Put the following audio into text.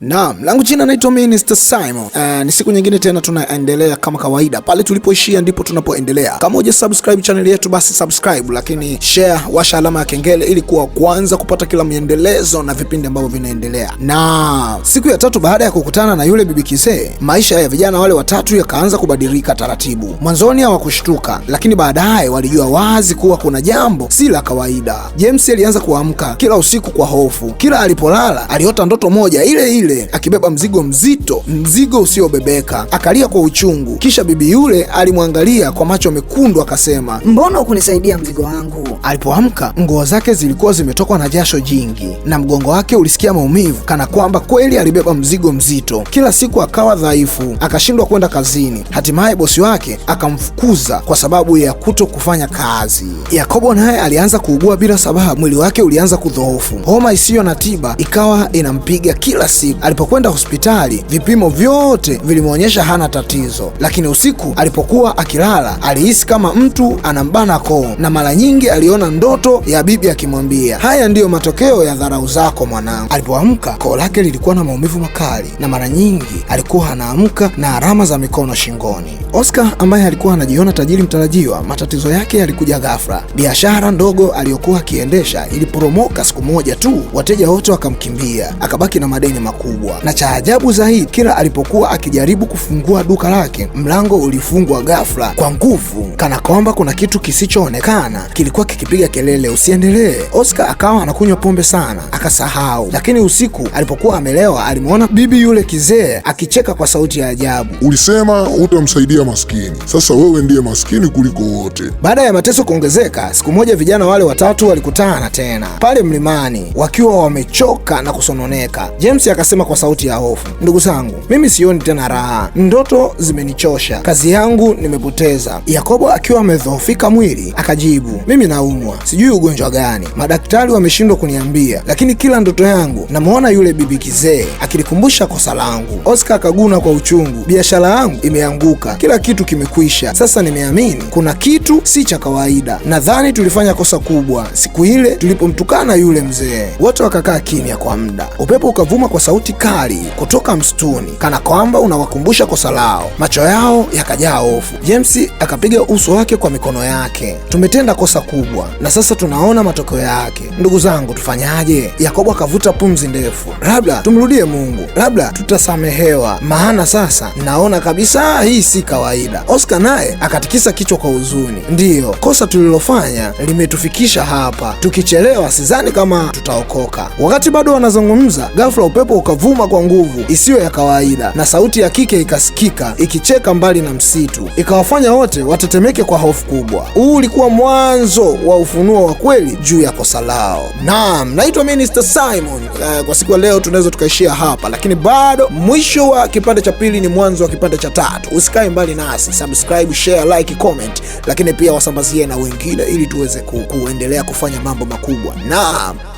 Naam, langu jina naitwa Mr. Simon. Uh, ni siku nyingine tena tunaendelea kama kawaida. Pale tulipoishia ndipo tunapoendelea. Kama uja subscribe channel yetu basi subscribe, lakini share, washa alama ya kengele ili kuwa kwanza kupata kila miendelezo na vipindi ambavyo vinaendelea. Na siku ya tatu baada ya kukutana na yule bibi maisha ya vijana wale watatu yakaanza kubadilika taratibu. Mwanzoni hawakushtuka, lakini baadaye walijua wazi kuwa kuna jambo si la kawaida. James alianza kuamka kila usiku kwa hofu. Kila alipolala aliota ndoto moja ile ile ile akibeba mzigo mzito, mzigo usiobebeka, akalia kwa uchungu. Kisha bibi yule alimwangalia kwa macho mekundu akasema, mbona hukunisaidia mzigo wangu? Alipoamka nguo zake zilikuwa zimetokwa na jasho jingi na mgongo wake ulisikia maumivu, kana kwamba kweli alibeba mzigo mzito. Kila siku akawa dhaifu, akashindwa kwenda kazini. Hatimaye bosi wake akamfukuza kwa sababu ya kuto kufanya kazi. Yakobo naye alianza kuugua bila sababu, mwili wake ulianza kudhoofu. Homa isiyo na tiba ikawa inampiga kila siku alipokwenda hospitali, vipimo vyote vilimwonyesha hana tatizo, lakini usiku alipokuwa akilala alihisi kama mtu anambana koo, na mara nyingi aliona ndoto ya bibi akimwambia, haya ndiyo matokeo ya dharau zako mwanangu. Alipoamka koo lake lilikuwa na maumivu makali, na mara nyingi alikuwa anaamka na alama za mikono shingoni. Oscar ambaye alikuwa anajiona tajiri mtarajiwa, matatizo yake yalikuja ghafla. Biashara ndogo aliyokuwa akiendesha iliporomoka siku moja tu, wateja wote wakamkimbia, akabaki na madeni makubwa. Na cha ajabu zaidi, kila alipokuwa akijaribu kufungua duka lake, mlango ulifungwa ghafla kwa nguvu, kana kwamba kuna kitu kisichoonekana kilikuwa kikipiga kelele, usiendelee. Oscar akawa anakunywa pombe sana, akasahau. Lakini usiku alipokuwa amelewa, alimwona bibi yule kizee akicheka kwa sauti ya ajabu. Ulisema utamsaidia maskini. Sasa wewe ndiye maskini kuliko wote. Baada ya mateso kuongezeka, siku moja vijana wale watatu walikutana tena pale mlimani wakiwa wamechoka na kusononeka. James akasema kwa sauti ya hofu, ndugu zangu, mimi sioni tena raha, ndoto zimenichosha, kazi yangu nimepoteza. Yakobo akiwa amedhoofika mwili akajibu, mimi naumwa, sijui ugonjwa gani, madaktari wameshindwa kuniambia, lakini kila ndoto yangu namwona yule bibi kizee akilikumbusha kosa langu. Oscar akaguna kwa uchungu, biashara yangu imeanguka, kila kila kitu kimekwisha. Sasa nimeamini kuna kitu si cha kawaida. Nadhani tulifanya kosa kubwa siku ile tulipomtukana yule mzee. Wote wakakaa kimya kwa muda, upepo ukavuma kwa sauti kali kutoka msituni, kana kwamba unawakumbusha kosa lao. Macho yao yakajaa hofu. James akapiga uso wake kwa mikono yake. Tumetenda kosa kubwa na sasa tunaona matokeo yake. Ndugu zangu, tufanyaje? Yakobo akavuta pumzi ndefu. Labda tumrudie Mungu, labda tutasamehewa, maana sasa naona kabisa hii si kawaida. Oscar naye akatikisa kichwa kwa huzuni, ndiyo kosa tulilofanya limetufikisha hapa, tukichelewa sidhani kama tutaokoka. Wakati bado wanazungumza, ghafla upepo ukavuma kwa nguvu isiyo ya kawaida na sauti ya kike ikasikika ikicheka mbali na msitu, ikawafanya wote watetemeke kwa hofu kubwa. Huu ulikuwa mwanzo wa ufunuo wa kweli juu ya kosa lao. Naam, naitwa Minister Simon. Eh, kwa siku ya leo tunaweza tukaishia hapa, lakini bado mwisho wa kipande cha pili ni mwanzo wa kipande cha tatu. Usikae mbali mbali nasi, subscribe, share, like, comment, lakini pia wasambazie na wengine ili tuweze ku, kuendelea kufanya mambo makubwa. Naam.